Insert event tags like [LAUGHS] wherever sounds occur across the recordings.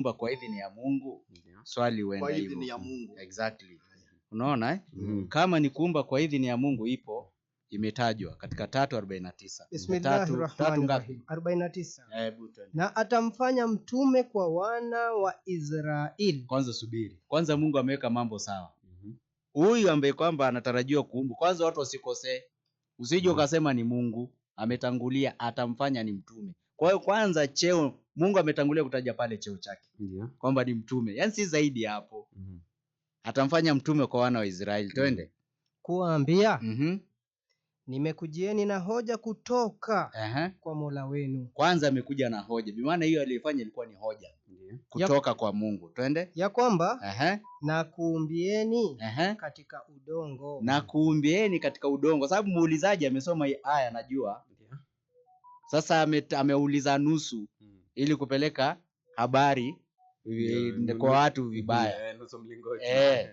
Kumbe kwa idhini ya Mungu swali Exactly. Unaona eh? Mm Kama ni kuumba kwa idhini ya Mungu ipo imetajwa katika tatu arobaini na tisa. Tatu na atamfanya mtume kwa wana wa Israeli. Kwanza subiri, kwanza Mungu ameweka mambo sawa mm-hmm. huyu mm -hmm. ambaye kwamba anatarajiwa kuumba, kwanza watu wasikosee, usije mm-hmm. ukasema mm -hmm. ni Mungu ametangulia, atamfanya ni mtume kwa hiyo kwanza cheo Mungu ametangulia kutaja pale cheo chake yeah. kwamba ni mtume, yaani si zaidi hapo mm -hmm. atamfanya mtume kwa wana wa Israeli. Mhm. Twende kuambia mm -hmm. nimekujieni na hoja kutoka uh -huh. kwa Mola wenu. Kwanza amekuja na hoja, bi maana hiyo aliyofanya ilikuwa ni hoja yeah. kutoka ya... kwa Mungu. Twende ya kwamba uh -huh. na kuumbieni uh -huh. katika udongo, na kuumbieni katika udongo, sababu muulizaji amesoma hii aya, najua sasa ame, ameuliza nusu hmm. ili kupeleka habari kwa watu vibaya [LAUGHS] e.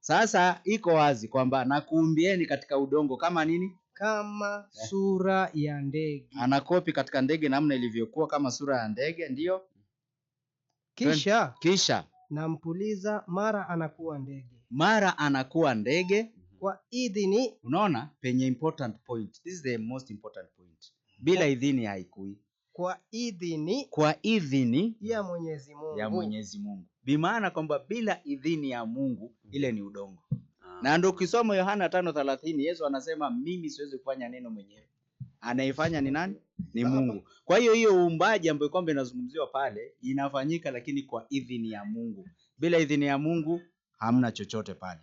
Sasa iko wazi kwamba nakuumbieni katika udongo kama nini kama eh. sura ya ndege. Anakopi katika ndege namna ilivyokuwa kama sura ya ndege, ndiyo kisha, kisha. nampuliza mara anakuwa ndege, mara anakuwa ndege kwa idhini. Unaona penye important point. This is the most important point bila idhini haikui kwa idhini kwa idhini ya Mwenyezi Mungu, ya Mwenyezi Mungu. Bimaana kwamba bila idhini ya Mungu ile ni udongo ah. Na ndio ukisoma Yohana tano Yesu anasema mimi siwezi kufanya neno mwenyewe, anaifanya ni nani? Ni Mungu. Kwa hiyo hiyo uumbaji ambayo kwamba inazungumziwa pale inafanyika, lakini kwa idhini ya Mungu. Bila idhini ya Mungu hamna chochote pale,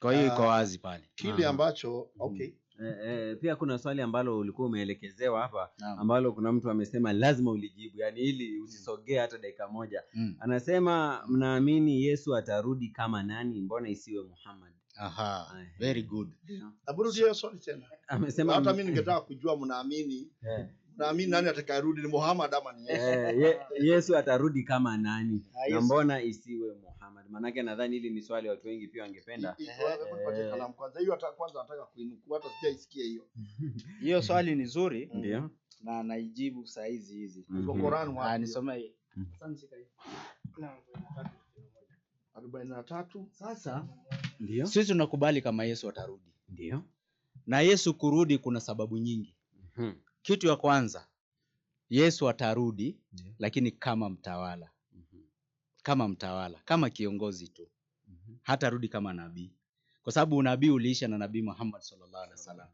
kwa hiyo iko ah, wazi pale kile ah. ambacho okay mm. Eh, eh, pia kuna swali ambalo ulikuwa umeelekezewa hapa Naam. ambalo kuna mtu amesema lazima ulijibu, yani ili usisogee hata dakika moja Mm. Anasema mnaamini Yesu atarudi kama nani? Mbona isiwe Muhammad? Aha, eh. very good. Amesema Hata mimi ningetaka kujua mnaamini Yeah naamini nani atakayerudi ni Muhammad ama ni Yesu? Eh, ye, Yesu atarudi kama nani? Ah, na mbona isiwe Muhammad? Maanake nadhani hili ni swali watu wengi pia wangependa. Eh. Kwanza hiyo hata kwanza nataka kuinukuu hata sijaisikia hiyo. [LAUGHS] Hiyo swali ni zuri. Ndio. Na naijibu saa hizi hizi. Mhm. Kwa Qur'an wapi? Ah, nisome. Sasa ndio. Sisi tunakubali kama Yesu atarudi. Ndio. Na Yesu kurudi kuna sababu nyingi. Mhm kitu ya kwanza Yesu atarudi yeah. Lakini kama mtawala mm -hmm. Kama mtawala, kama kiongozi tu mm -hmm. Hatarudi kama nabii, kwa sababu unabii uliisha na Nabii Muhammad sallallahu alaihi wasallam.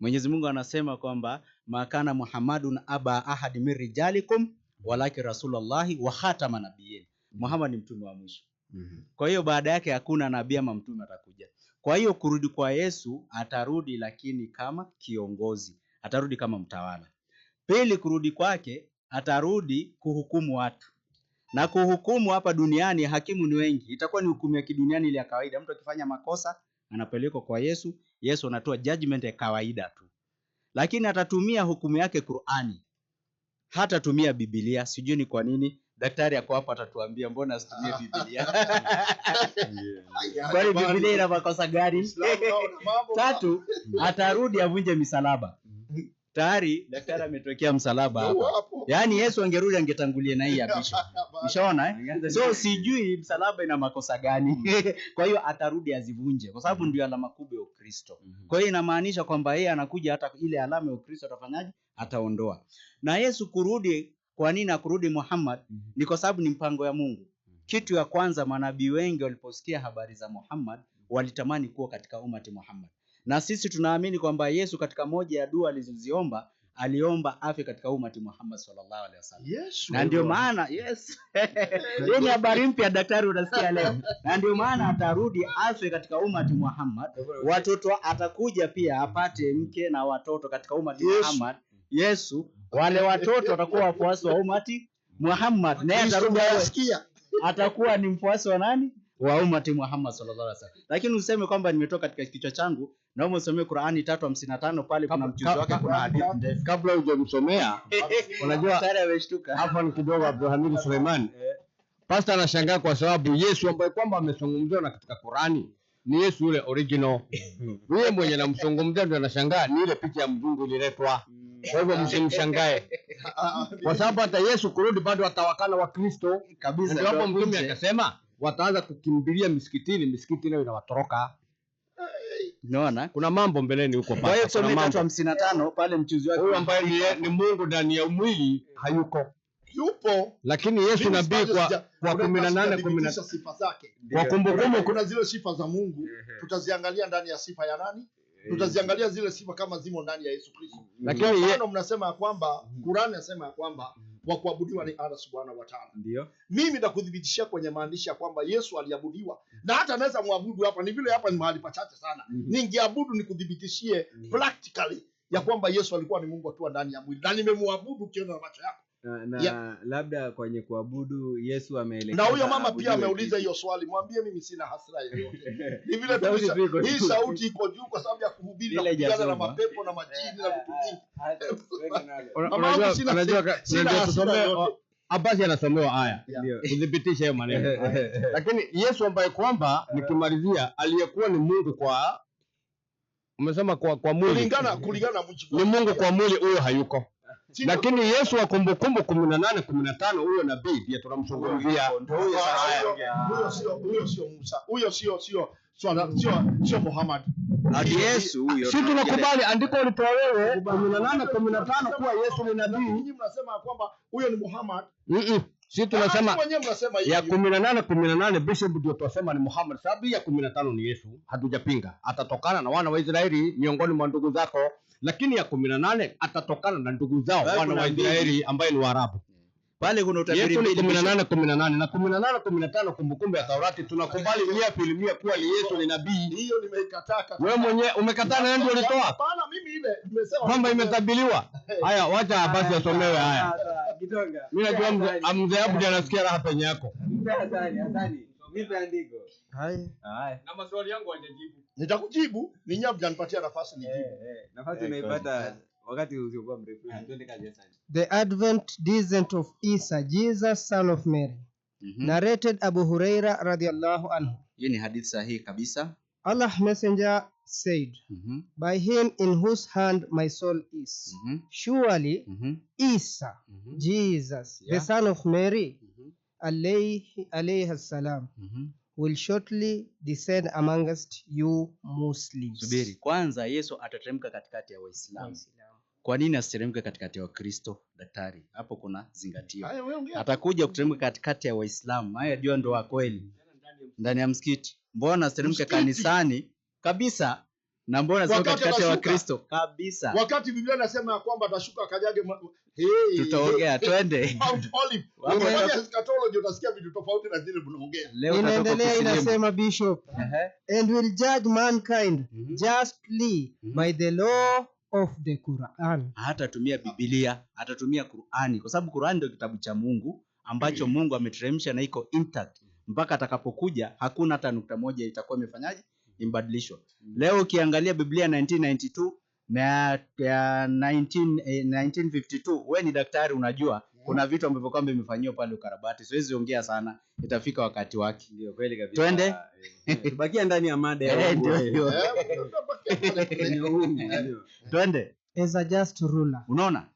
Mwenyezi Mungu anasema kwamba makana Muhammadun aba ahad min rijalikum walaki rasulullahi wa khatama nabiyin. Muhammad ni mtume wa mwisho mm -hmm. Kwa hiyo baada yake hakuna nabii ama mtume atakuja. Kwa hiyo kurudi kwa Yesu, atarudi lakini kama kiongozi atarudi kama mtawala. Pili, kurudi kwake atarudi kuhukumu watu na kuhukumu hapa duniani, hakimu ni wengi, itakuwa ni hukumu ya kiduniani ile ya kawaida. Mtu akifanya makosa anapelekwa kwa Yesu, Yesu anatoa judgment ya kawaida tu, lakini atatumia hukumu yake Qur'ani, hatatumia Biblia. Sijui ni kwa nini. Daktari ako hapa atatuambia mbona asitumie Biblia [LAUGHS] kwani Biblia ina makosa gani? Tatu, atarudi avunje misalaba tayari daktari ametokea msalaba hapa. Yaani Yesu angerudi angetangulia na hii ya [LAUGHS] hapisho. Ushaona eh? So sijui msalaba ina makosa gani. [LAUGHS] Kwa hiyo atarudi azivunje kwa sababu ndio alama kubwa ya Ukristo. Mhm. Kwa hiyo inamaanisha kwamba yeye anakuja hata ile alama ya Ukristo atafanyaje? Ataondoa. Na Yesu kurudi, kwa nini akurudi Muhammad? Mhm. Ni kwa sababu ni mpango ya Mungu. Mhm. Kitu ya kwanza, manabii wengi waliposikia habari za Muhammad walitamani kuwa katika umati Muhammad na sisi tunaamini kwamba Yesu katika moja ya dua alizoziomba aliomba afya katika umati Muhammad sallallahu alaihi wasallam. Yes, na ndio maana yes. Hii [LAUGHS] ni habari mpya daktari, unasikia leo. Na ndio maana atarudi afya katika umati Muhammad, watoto atakuja pia apate mke na watoto katika umati yes. Muhammad Yesu, wale watoto watakuwa wafuasi wa umati Muhammad, naye atarudi, atakuwa ni mfuasi wa nani? wa umati Muhammad sallallahu alaihi wasallam. Lakini useme kwamba nimetoka katika kichwa changu, naomba usomee Qur'ani 3:55 pale kuna mchuzi wake, kuna hadithi ndefu. Kabla hujamsomea, [LAUGHS] unajua tayari ameshtuka. Hapa ni kidogo Abdul Hamid Suleiman. Pastor anashangaa kwa sababu Yesu ambaye kwamba amezungumziwa na katika Qur'ani ni Yesu yule original. [LAUGHS] Yeye mwenye namzungumzia ndio anashangaa ni ile picha ya mzungu ililetwa. Kwa hivyo mm. msimshangae. [LAUGHS] Kwa sababu hata Yesu kurudi bado atawakana wa Kristo kabisa. Ndio hapo mtume akasema wataanza kukimbilia misikitini, misikiti ile inawatoroka. Unaona, kuna mambo mbeleni huko pale. Kwa hiyo somo tatu hamsini pale mchuzi wake huyo ambaye ni, ni Mungu ndani ya mwili hayuko yupo, lakini Yesu nabii kwa kwa 18 na sifa zake kwa kumbukumbu, kuna zile sifa za Mungu tutaziangalia ndani ya sifa ya nani eh. tutaziangalia zile sifa kama zimo ndani ya Yesu Kristo. Lakini mfano mnasema ya kwamba Kurani mm. nasema ya kwamba mm wa kuabudiwa ni Allah subhanahu wa ta'ala. Ndio mimi nakudhibitishia kwenye maandishi ya kwamba Yesu aliabudiwa mm-hmm. na hata anaweza mwabudu hapa, ni vile hapa ni mahali pachache sana. mm -hmm. Ningeabudu nikudhibitishie mm-hmm. practically ya kwamba Yesu alikuwa ni Mungu akiwa ndani ya mwili, na nimemwabudu ukiona na macho yako na, na yeah. labda kwenye kuabudu Yesu ameelekeza. Na huyo mama pia ameuliza hiyo swali, mwambie mimi sina hasira yoyote. [LAUGHS] vile hii sauti iko juu kwa sababu ya kuhubiri na kupigana na mapepo na majini na eh, vitu eh, vingi. Eh, Abasi anasomewa haya kuthibitisha hiyo maneno, [LAUGHS] lakini Yesu ambaye kwamba nikimalizia, aliyekuwa ni Mungu kwa umesema kwa kwa mwili, kulingana ni Mungu kwa mwili, huyo hayuko lakini Yesu wa Kumbukumbu kumi na nane kumi na tano huyo nabii pia tunamzungumzia. Huyo sio Musa, huyo sio sio sio Muhammad. Yesu huyo. Si tunakubali andiko litoa wewe kumi na nane kumi na tano kuwa Yesu ni nabii. Ninyi mnasema kwamba huyo ni Muhammad. Si tunasema ya kumi na nane kumi na nane bishop ndio twasema ni Muhammad, sababu ya kumi na tano ni Yesu, hatujapinga atatokana na wana wa Israeli miongoni mwa ndugu zako lakini ya kumi na nane atatokana na ndugu zao wana wa Israeli ambaye ni Waarabu pale kuna utabiri mbili kumi na nane kumi na nane na kumi na nane kumi na tano Kumbukumbu ya Taurati. Tunakubali mia filimia kuwa ni Yesu ni nabii. Hiyo nimekataa kabisa. Wewe mwenyewe umekataa, na ndio ulitoa. Hapana, mimi ile nimesema kwamba imetabiliwa. [LAUGHS] Haya, wacha basi asomewe haya. Kidonga. Mimi najua mzee Abdi anasikia raha penye yako. Asante, asante. Mimi andiko. Hai. Hai. Na maswali yangu hajajibu nitakujibu ni nyewe mjanipatia nafasi eh, nijibu. Eh, nafasi eh, wakati mrefu. Ah, kazi The Advent Descent of Isa Jesus son of Mary. Mm -hmm. Narrated Abu Huraira radhiyallahu anhu. Hii ni hadith sahihi kabisa. Allah messenger said mm -hmm. by him in whose hand my soul is mm -hmm. surely mm -hmm. Isa mm -hmm. Jesus yeah. the son of Mary mm -hmm. alayhi alayhi salam mm -hmm will shortly descend amongst you Muslims. Subiri kwanza, Yesu atateremka katikati ya Waislamu. Kwa nini asiteremke katikati ya Wakristo? Daktari, hapo kuna zingatio. Atakuja kuteremka katikati ya Waislamu, haya jua ndo wa kweli, ndani ya msikiti. Mbona asiteremke kanisani kabisa? na mbona nasema katikati ya Wakristo kabisa, wakati Biblia ya kwamba atashuka Hey, tutaongea [LAUGHS] twende. utasikia [LAUGHS] vitu tofauti na zile Inaendelea inasema bishop, uh -huh. and will judge mankind mm -hmm. justly mm -hmm. by the law of the Quran. Hatatumia bibilia atatumia Qurani kwa sababu Qurani ndio kitabu cha Mungu ambacho mm -hmm. Mungu ameteremsha na iko intact mpaka atakapokuja, hakuna hata nukta moja itakuwa imefanyaje imebadilishwa. Mm. Leo ukiangalia Biblia 1992 na ya 19, 1952 we ni daktari unajua mm. kuna vitu ambavyo kwamba imefanyiwa pale ukarabati, siwezi ongea sana, itafika wakati wake. Ndio kweli kabisa, twende eh, eh, tubakia ndani ya mada ya [LAUGHS] eh, [LAUGHS] ndio, twende. As a just ruler, unaona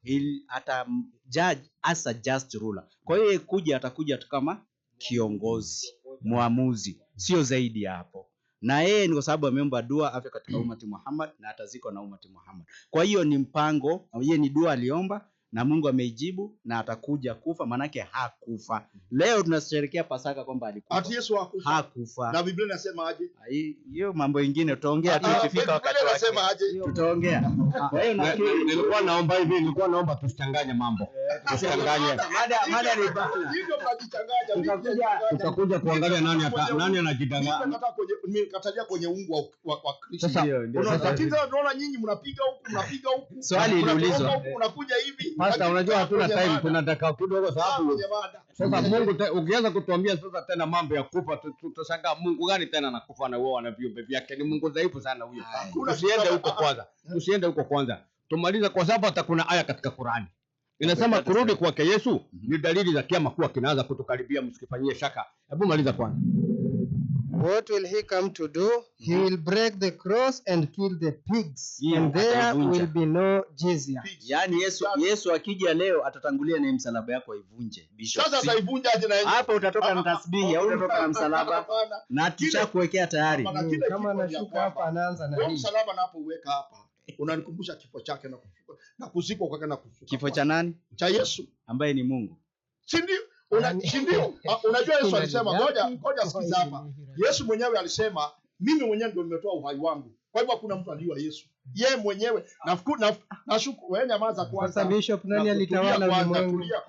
ata judge as a just ruler. Kwa hiyo kuja atakuja tu kama kiongozi mwamuzi, sio zaidi ya hapo na yeye ni kwa sababu ameomba dua afya katika mm. umati Muhammad na atazikwa na umati Muhammad. Kwa hiyo ni mpango, yeye ni dua aliomba na Mungu ameijibu na atakuja kufa, maanake hakufa. Mhm. Leo tunasherehekea Pasaka kwamba alikufa, ati Yesu hakufa, hakufa. Na Biblia inasema aje? Ah, hiyo mambo mengine tutaongea tu ah, ah, ikifika wakati wake, Biblia inasema aje? tutaongea. Kwa hiyo nafikiri nilikuwa naomba hivi, nilikuwa naomba tusichanganye mambo, eh. tusichanganye mada, mada ni bana, hivyo mnajichanganya. Tutakuja kuangalia nani nani anajidanganya. Nataka kwenye nimekatalia kwenye ungu wa wa Kristo. Sasa unaona nyinyi mnapiga huku, mnapiga huku, swali liulizwa. unakuja hivi Pastor, unajua hatuna time, tunataka kidogo sababu sasa Mungu ukianza kutuambia sasa tena mambo ya kufa, tutashangaa Mungu gani tena anakufa na wao na viumbe vyake? Ni Mungu dhaifu sana huyo. Usiende huko kwanza, Usiende huko kwanza, tumaliza kwa sababu hata kuna aya katika Qur'ani inasema kurudi kwake Yesu ni dalili za kiama kuwa kinaanza kutukaribia, msikifanyie shaka. Hebu maliza kwanza. What will he come to do? He mm-hmm. will break the cross and kill the pigs. Yeah, and there will be no jizya. Yaani Yesu Yesu akija leo atatangulia na msalaba yako aivunje. Bishop. Sasa ataivunja aje na Hapo utatoka na tasbihi au utatoka na msalaba na tushakuwekea tayari. Mm, kama anashuka hapa anaanza na hii. Msalaba na hapo uweka hapa. Unanikumbusha kifo chake na kufufuka na kuzikwa kwake na kufufuka. Kifo cha nani? Cha Yesu ambaye ni Mungu. Si ndio? Ndio, [LAUGHS] ah, unajua Yesu alisema, ngoja ngoja, sikiza hapa. Yesu mwenyewe alisema, mimi mwenyewe ndio nimetoa uhai wangu. Kwa hivyo hakuna mtu alijua Yesu ye mwenyewe. Wewe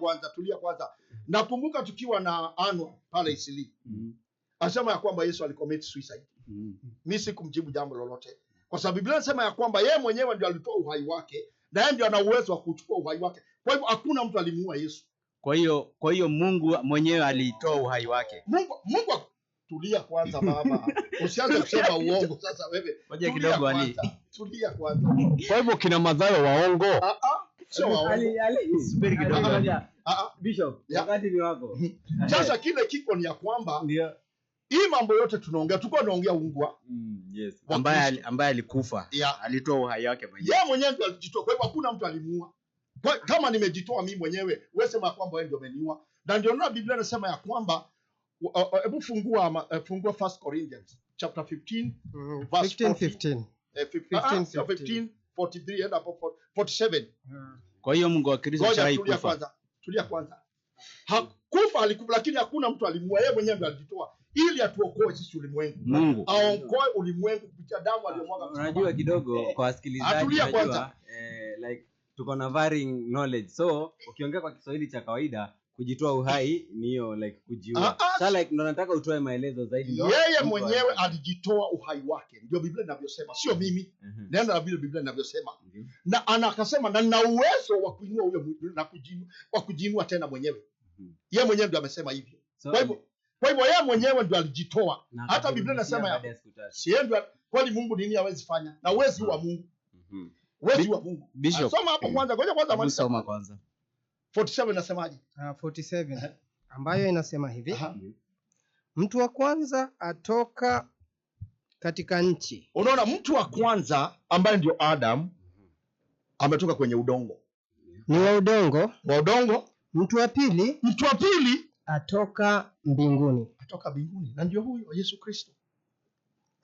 kwanza, Nakumbuka tukiwa na Anwa pale Isili mm-hmm. asema ya kwamba Yesu alicommit suicide. Mm-hmm. Mi sikumjibu jambo lolote, kwa sababu Biblia nasema ya kwamba yeye mwenyewe ndio alitoa uhai wake na yeye ndio ana uwezo wa kuchukua uhai wake. Kwa hivyo hakuna mtu alimuua Yesu. Kwa hiyo kwa hiyo Mungu mwenyewe aliitoa uhai wake. Mungu, Mungu tulia kwanza baba. [LAUGHS] Usianze kusema uongo sasa wewe. Ngoja kidogo ani. Tulia kwanza. Kwa hivyo kina madhara waongo? Ah ah. Sio waongo. Ali ali. Subiri kidogo. Ah ah. ah, ah. Bishop, wakati ni wako. Sasa kile kiko ni ya kwamba ndio hii mambo yote tunaongea, tulikuwa tunaongea ungwa mm, yes. ambaye alikufa alitoa uhai wake mwenyewe, yeye mwenyewe ndio alijitoa. Kwa hivyo hakuna mtu alimuua kwa, kama nimejitoa mimi mwenyewe, wewe sema kwamba wewe ndio umeniua. Na ndio naona Biblia inasema ya kwamba uh, uh, uh, hebu fungua fungua First Corinthians chapter 15 mm-hmm. verse 15 15 15 43 hadi hapo 47. Kwa hiyo Mungu akirizo cha haikufa. tulia kwanza. Hakufa alikufa, lakini hakuna mtu alimua, yeye mwenyewe ndiye alijitoa ili atuokoe sisi ulimwengu. Mungu aokoe ulimwengu kupitia damu aliyomwaga. Unajua kidogo kwa wasikilizaji, ah, unajua eh, like tuko na varying knowledge so ukiongea kwa kiswahili cha kawaida kujitoa uhai ni hiyo like kujiua ah, ah. so, like ndo nataka utoe maelezo zaidi yeye yeah, mwenyewe alijitoa uhai wake ndio biblia inavyosema sio mimi uh-huh. Mhm. neno la vile biblia inavyosema uh-huh. na ana akasema na nina uwezo wa kuinua huyo na wa kujiinua tena mwenyewe uh-huh. yeye mwenyewe ndio amesema hivyo so, kwa hivyo kwa hivyo yeye mwenyewe ndio alijitoa hata biblia inasema siye ndio kwani mungu nini hawezi fanya na uwezi wa mungu mm-hmm Uwezi wa Mungu. Bishop. Ah, soma hapo kwanza. Ngoja kwanza mwanzo. Soma kwanza. 47 inasemaje? 47 ah, ambayo inasema hivi. Aha. Mtu wa kwanza atoka katika nchi. Unaona mtu wa kwanza ambaye ndio Adam ametoka kwenye udongo. Ni wa udongo. Wa udongo. Mtu wa pili, mtu wa pili atoka mbinguni. Atoka mbinguni. Na ndio huyo Yesu Kristo.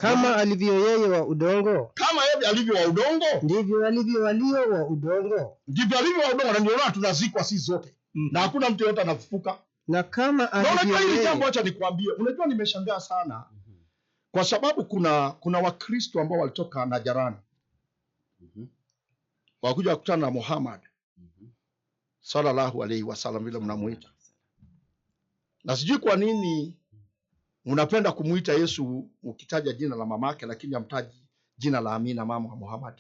Kama alivyo yeye wa udongo, kama yeye alivyo wa udongo, ndivyo alivyo walio wa udongo, ndivyo alivyo wa udongo. Na ndio maana tunazikwa sisi zote mm. na hakuna mtu yoyote anafufuka. Na kama alivyo yeye, jambo acha nikwambie, unajua nimeshangaa sana mm -hmm. kwa sababu kuna kuna Wakristo ambao walitoka Najarani mm -hmm. wakuja kukutana na Muhammad mm -hmm. sallallahu alaihi wasallam vile mnamuita, na sijui kwa nini Unapenda kumuita Yesu ukitaja jina la mamake, lakini hamtaji jina la Amina, mama wa Muhammad.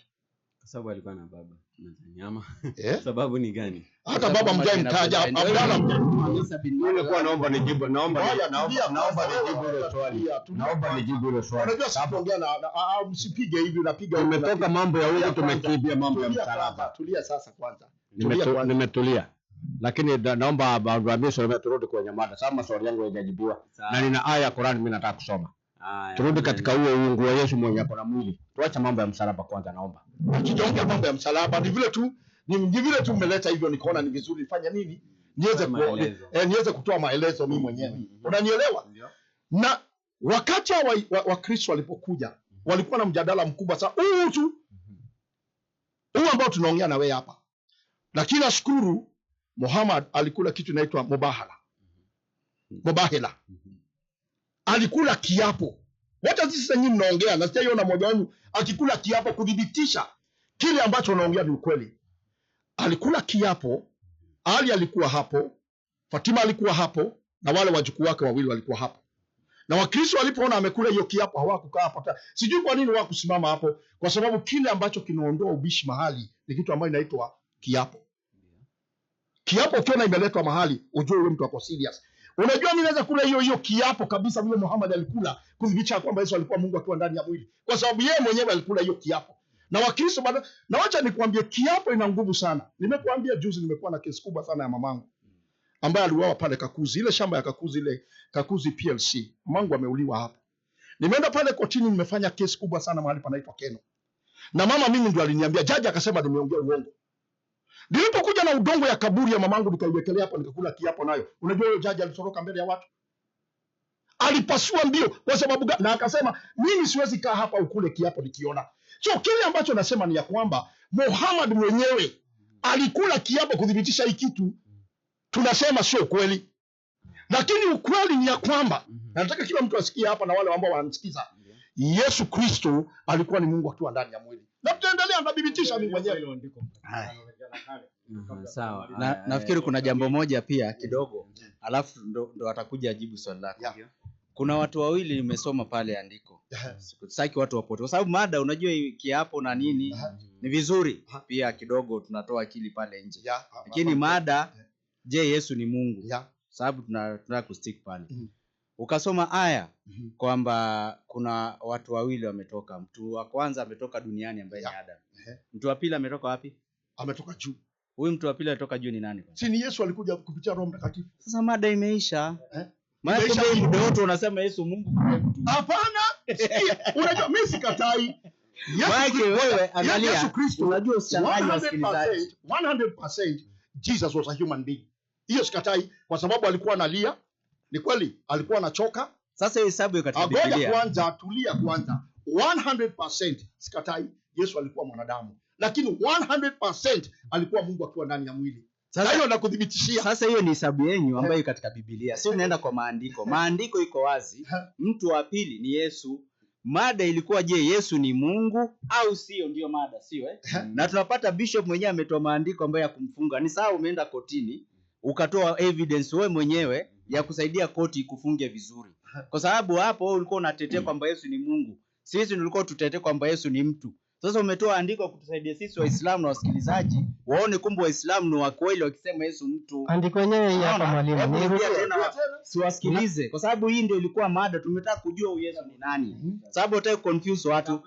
Kwa sababu alikuwa na baba na nyama. Eh? [LAUGHS] Sababu ni gani? Hata baba mjai mtaja Abdalla Nilikuwa naomba nijibu, naomba naomba nijibu hilo swali. Naomba nijibu hilo swali. Unajua sipoongea na au msipige hivi, unapiga. Umetoka mambo ya uongo, tumekimbia mambo ya msalaba. Tulia sasa kwanza. Nimetulia lakini naomba wavamie sura turudi kwenye mada. Sasa maswali yangu yajajibiwa na nina aya ya Qur'an mimi nataka kusoma. Turudi katika uwe uungu wa Yesu mwenye ako na mwili. Tuacha mambo ya msalaba kwanza, naomba tukiongea mambo ya msalaba ni vile tu ni vile tu mmeleta hivyo, nikaona ni vizuri fanya nini niweze eh, niweze kutoa maelezo mimi mwenyewe mm -hmm. Unanielewa? Na wakati wa Wakristo wa walipokuja mm-hmm. walikuwa na mjadala mkubwa sana huu tu mm-hmm. huu ambao tunaongea na wewe hapa, lakini nashukuru Muhammad alikula kitu inaitwa mubahala, mm-hmm. mubahila, mm-hmm. alikula kiapo. Wacha sisi sasa, nyinyi mnaongea, na sasa, yona mmoja wenu akikula kiapo kudhibitisha kile ambacho unaongea ni ukweli. Alikula kiapo. Ali alikuwa hapo, Fatima alikuwa hapo, na wale wajukuu wake wawili walikuwa hapo na Wakristo walipoona amekula hiyo kiapo hawakukaa hapo, Sijui kwa nini hawakusimama hapo, kwa sababu kile ambacho kinaondoa ubishi mahali ni kitu ambacho inaitwa kiapo. Kiapo ukiona imeletwa mahali, ujue yule mtu ako serious. Unajua mimi naweza kula hiyo hiyo kiapo kabisa vile Muhammad alikula kudhibitisha kwamba Yesu alikuwa Mungu akiwa ndani ya mwili, kwa sababu yeye mwenyewe alikula hiyo kiapo. Na Wakristo bado, na wacha nikwambie, kiapo ina nguvu sana. Nimekuambia juzi, nimekuwa na kesi kubwa sana ya mamangu ambaye aliuawa pale Kakuzi, ile shamba ya Kakuzi, ile Kakuzi PLC. Mamangu ameuliwa hapo. Nimeenda pale kotini, nimefanya kesi kubwa sana mahali panaitwa Keno, na mama mimi ndio aliniambia, jaji akasema nimeongea uongo Nilipokuja na udongo ya kaburi ya mamangu nikaiwekelea hapo, nikakula kiapo nayo. Unajua huyo jaji alitoroka mbele ya watu, alipasua mbio. Kwa sababu Na akasema mimi siwezi kaa hapa ukule kiapo nikiona. So kile ambacho nasema ni ya kwamba Muhammad mwenyewe alikula kiapo kudhibitisha hii kitu tunasema sio kweli, lakini ukweli ni ya kwamba, mhm. nataka kila mtu asikie hapa na wale ambao wanamsikiza Yesu Kristo alikuwa ni Mungu akiwa ndani ya mwili, na tutaendelea nathibitisha mimi mwenyewe. Mm-hmm, sawa, nafikiri kuna jambo moja pia kidogo, mm-hmm. alafu ndo, ndo atakuja ajibu swali lako yeah. Kuna watu wawili nimesoma pale andiko, sitaki watu wapote, kwa sababu mada, unajua kiapo na nini ni vizuri pia kidogo, tunatoa akili pale nje, lakini mada, je, Yesu ni Mungu? Sababu tunataka kustick pale mm ukasoma aya mm-hmm. kwamba kuna watu wawili wametoka, mtu wa kwanza ametoka duniani ambaye ni Adam. yeah. Mtu wa pili ametoka wapi? Ametoka juu. Huyu mtu wa pili ametoka juu ni nani? Si ni Yesu alikuja kupitia Roho Mtakatifu. Sasa mada imeisha eh? Maana muda wote unasema Yesu Mungu. Hapana, unajua mimi sikatai Yesu Kristo, unajua usichanganye wasikilizaji. 100% Jesus was a human being. Hiyo sikatai kwa sababu alikuwa analia ni kweli alikuwa anachoka. Sasa hesabu katika Biblia. kwanza, tulia kwanza. 100% sikatai, Yesu alikuwa mwanadamu, lakini 100% alikuwa Mungu akiwa ndani ya mwili. Sasa hiyo nakudhibitishia. Sasa hiyo ni hesabu yenyu ambayo katika Biblia, sio unaenda kwa maandiko. Maandiko iko wazi, mtu wa pili ni Yesu. Mada ilikuwa je, Yesu ni Mungu au sio? Ndiyo mada, sio eh? na tunapata bishop mwenyewe ametoa maandiko ambayo ya kumfunga. Ni sawa, umeenda kotini ukatoa evidence wewe mwenyewe ya kusaidia koti ikufunge vizuri, kwa sababu hapo ulikuwa unatetea mm. kwamba Yesu ni Mungu. Sisi tulikuwa tutetee kwamba Yesu ni mtu. Sasa umetoa andiko kutusaidia sisi Waislamu na wasikilizaji waone kumbe Waislamu ni wa kweli wakisema Yesu mtu. Andiko lenyewe hili hapa mwalimu. Siwasikilize kwa sababu hii ndio ilikuwa mada, tumetaka kujua Yesu ni nani. Sababu hataki confuse watu.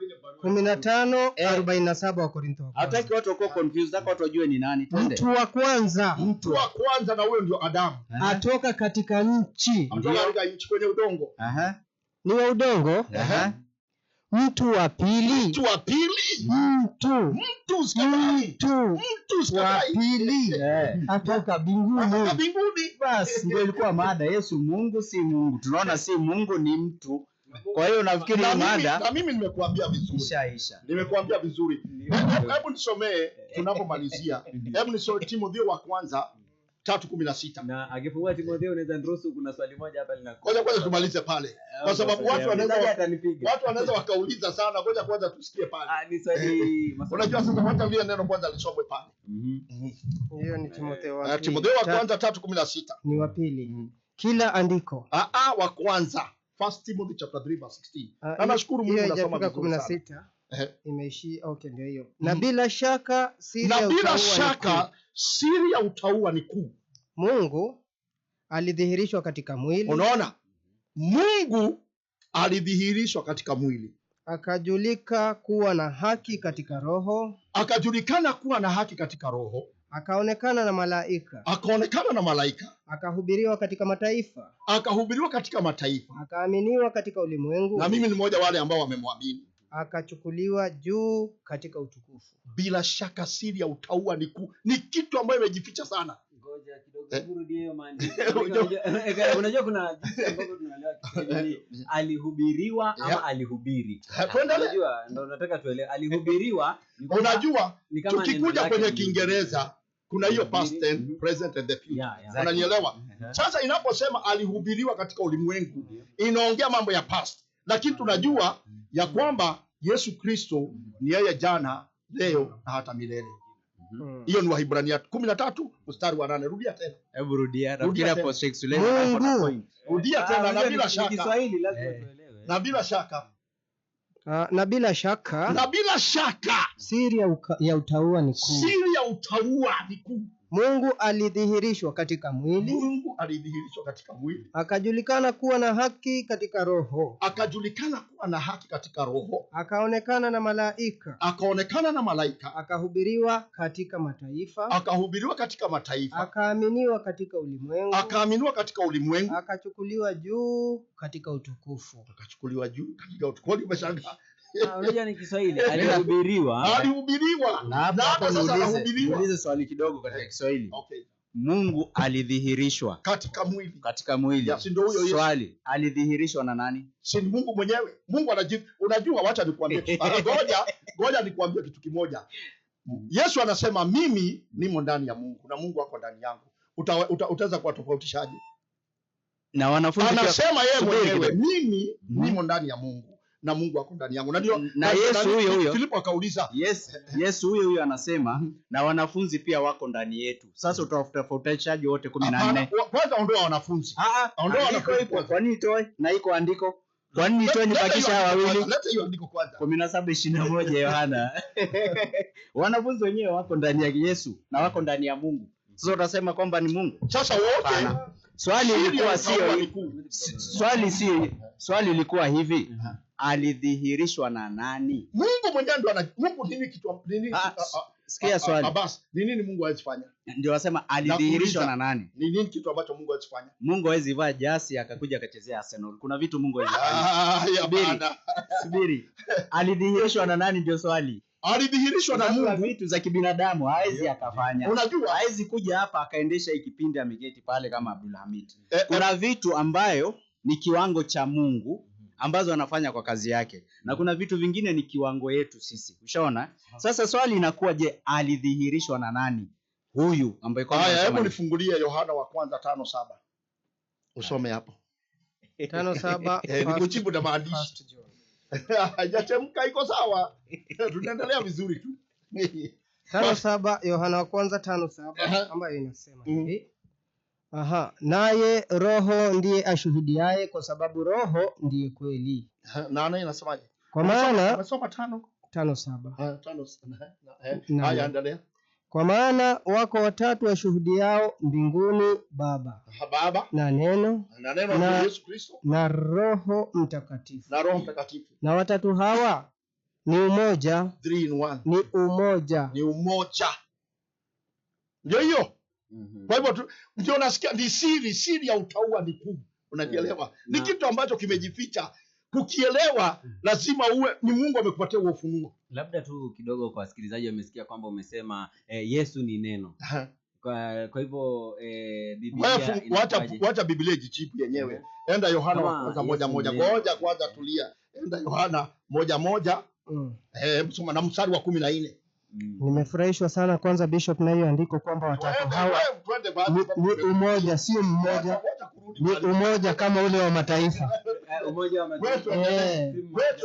15:47 47 eh. wa Korintho. Hataki watu wako confused, nataka watu wajue ni nani. Twende. Mtu wa kwanza. Mtu wa kwanza na huyo ndio Adamu. Eh. Atoka katika nchi. Atoka katika nchi kwenye udongo. Aha. Ni wa udongo. Aha. Mtu wa pili. Mtu wa pili. Mtu. Mtu Mtu. Mtu Wa pili. Eh. Atoka binguni. Atoka binguni. Basi ndio ilikuwa mada Yesu Mungu si Mungu. Tunaona si Mungu ni mtu. Kwa hiyo nafikiri na mada na mimi nimekuambia vizuri. Ishaisha. Nimekuambia vizuri. Hebu nisomee [LAUGHS] tunapomalizia. Hebu nisomee Timotheo wa kwanza kwanza tumalize pale, eh, kwa sababu watu wanaweza wakauliza sana. Ngoja kwanza tusikie ah, eh, Unajua sasa, neno kwanza lisomwe pale, mhm. mm-hmm. Timotheo wa eh, kwanza tatu kumi na sita ni wa pili, mm-hmm. kila andiko ah, ah, wa kwanza, Na nashukuru Mungu, nasoma vizuri sana imeishi okay, ndio hiyo. Mm. Na bila shaka siri na ya bila shaka siri ya utauwa ni kuu. Mungu alidhihirishwa katika mwili Unaona, Mungu alidhihirishwa katika mwili, akajulika kuwa na haki katika roho, akajulikana kuwa na haki katika roho, akaonekana na malaika, akaonekana na malaika, akahubiriwa katika mataifa, akahubiriwa katika mataifa, akaaminiwa katika ulimwengu, na mimi ni mmoja wale ambao wamemwamini akachukuliwa juu katika utukufu. Bila shaka siri ya utauwa ni, ku, ni kitu ambayo imejificha sana. Ngoja kidogo eh? [LAUGHS] Unajua, unajua kuna jinsi ambavyo tunaelewa eh? alihubiriwa ama Alihubiri, unajua nataka tuelewe, alihubiriwa. Unajua tukikuja kwenye Kiingereza kuna hiyo past tense, present and the future. Yeah, unanielewa? Sasa inaposema alihubiriwa katika ulimwengu, inaongea mambo ya past, lakini tunajua ya kwamba Yesu Kristo ni yeye jana, leo mm. na hata milele. Mm-hmm. Mm. Hiyo ni Wahibrania kumi na tatu mstari wa nane. Rudia tena, hebu rudia, rudia tena, na bila shaka Kiswahili lazima, na bila shaka Uh, na bila shaka na bila shaka siri ya, uka, ya utaua ni kuu, siri ya utaua ni kuu. Mungu alidhihirishwa katika mwili. Mungu alidhihirishwa katika mwili. Akajulikana kuwa na haki katika roho. Akajulikana kuwa na haki katika roho. Akaonekana na malaika. Akaonekana na malaika. Akahubiriwa katika mataifa. Akahubiriwa katika mataifa. Akaaminiwa katika ulimwengu. Akaaminiwa katika ulimwengu. Akachukuliwa juu katika utukufu. Akachukuliwa juu katika utukufu. Umeshangaa Ah, unajua ni Kiswahili, yaani alihubiriwa. Alihubiriwa. Na hapa sasa anahubiriwa. Niulize swali kidogo katika eh, Kiswahili. Okay. Mungu alidhihirishwa katika mwili, katika mwili. Ya, ndio huyo Swali, alidhihirishwa na nani? Si Mungu mwenyewe. Mungu anaji, Unajua, wacha nikuambie kitu. Ngoja, ngoja nikuambie kitu kimoja. Yesu anasema mimi nimo ndani ya Mungu na Mungu ako ndani yangu. Utaweza uta, uta kuwatofautishaje? Na wanafunzi anasema yeye mwenyewe, mimi hmm. nimo ndani ya Mungu na Mungu ako ndani yangu. Na na Yesu huyo huyo Filipo akauliza, yes, Yesu huyo huyo anasema mhm. na wanafunzi pia wako ndani yetu. Sasa mhm. utafautishaje wote 14? Kwanza ondoa wanafunzi. Ah, ah ondoa wanafunzi. Kwa nini toe? Na iko andiko. Kwa nini toe nibakisha hawa wawili? Leta hiyo andiko kwanza. 17:21 Yohana. [LAUGHS] Wanafunzi wenyewe wako ndani ya Yesu na wako ndani ya Mungu. Sasa utasema kwamba ni Mungu. Sasa wote. Swali ilikuwa sio swali si swali ilikuwa hivi. Uh -huh alidhihirishwa na nani? Mungu mwenyewe ndo ana Mungu nini kitu nini? Ah, sikia swali. Abas, ni nini Mungu hawezi fanya? Ndio wasema alidhihirishwa na nani? Ni nini kitu ambacho Mungu hawezi fanya? Mungu hawezi vaa jasi akakuja akachezea Arsenal. Kuna vitu Mungu hawezi fanya. Ah, Subiri. Subiri. Alidhihirishwa na nani ndio swali. Alidhihirishwa na Mungu. Vitu za kibinadamu hawezi akafanya. Unajua hawezi kuja hapa akaendesha hii kipindi ameketi pale kama Abdulhamid. Eh, eh. Kuna vitu ambayo ni kiwango cha Mungu ambazo anafanya kwa kazi yake, na mm. kuna vitu vingine ni kiwango yetu sisi. Ushaona? Mm. Sasa swali inakuwa je, alidhihirishwa na nani huyu ambaye? kwa Haya, hebu nifungulie Yohana wa kwanza tano saba usome hapo tano saba [LAUGHS] eh, nikujibu na maandishi [LAUGHS] hajachemka, iko sawa, [LAUGHS] tunaendelea vizuri tu tano saba Yohana wa kwanza tano saba ambayo inasema mm. hivi Aha, naye Roho ndiye ashuhudiaye, kwa sababu Roho ndiye kweli. Nane inasemaje? Kwa maana nasoma tano tano saba. Ha, eh, tano, eh, eh, na, haya endelea. Kwa maana wako watatu washuhudiao mbinguni, Baba, Baba na Neno na, neno na, Yesu Kristo, na Roho Mtakatifu na Roho Mtakatifu, na watatu hawa ni umoja, three in one. Ni umoja, ni umoja, ndio hiyo hmm Kwa hivyo ndio nasikia ni siri, siri ya utaua ni kubwa, unajielewa? Mm-hmm. Ni kitu ambacho kimejificha kukielewa lazima uwe ni Mungu amekupatia huo ufunuo. Labda tu kidogo kwa wasikilizaji, wamesikia kwamba umesema eh, Yesu ni neno Kwa, kwa hivyo eh, Biblia wacha wacha Biblia ijijibu yenyewe eh. Enda Yohana kwanza moja moja ngoja kwanza tulia, enda Yohana moja moja mm. Eh, msoma na mstari wa kumi na nne Mm. Nimefurahishwa sana kwanza Bishop na hiyo andiko kwamba watatu hawa ni umoja, sio mmoja, ni umoja kama ule wa mataifa eh, eh,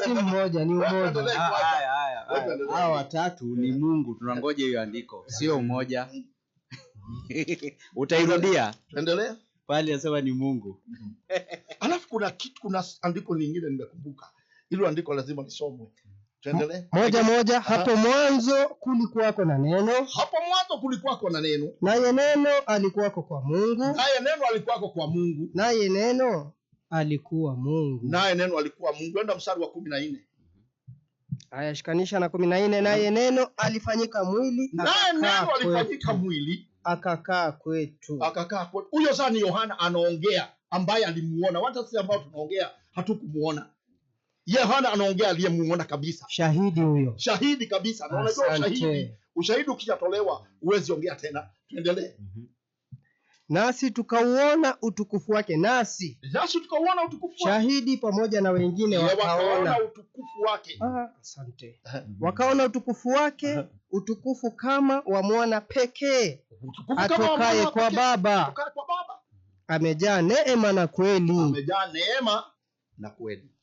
si mmoja, ni umoja. Ah, hawa watatu ni eh. Mungu. Tunangoja hiyo andiko, sio umoja. [LAUGHS] Utairudia, endelea pale, anasema ni Mungu. Alafu kuna kitu, kuna andiko lingine nimekumbuka, hilo andiko lazima lisomwe tuendelee moja moja. Hapo mwanzo kulikuwako na neno, hapo mwanzo kulikuwako na neno, naye neno alikuwako kwa Mungu, naye neno alikuwako kwa Mungu, naye neno alikuwa Mungu, naye neno alikuwa Mungu. Enda mstari wa kumi na nne. Haya, shikanisha na kumi na nne. Naye neno alifanyika mwili, naye neno alifanyika mwili akakaa kwetu, akakaa kwetu. Huyo sasa ni Yohana anaongea, ambaye alimuona. Watu sisi ambao tunaongea hatukumuona Yohana anaongea aliyemuona kabisa, shahidi huyo, shahidi kabisa. Na unajua ushahidi, ushahidi ukishatolewa huwezi ongea tena. Tuendelee. mm -hmm. Nasi tukauona utukufu wake, nasi nasi tukauona utukufu wake, shahidi pamoja na wengine wakaona utukufu wake. Ah, asante. Wakaona utukufu wake, utukufu kama wa mwana pekee atokaye kwa Baba, amejaa neema na kweli, amejaa neema na kweli.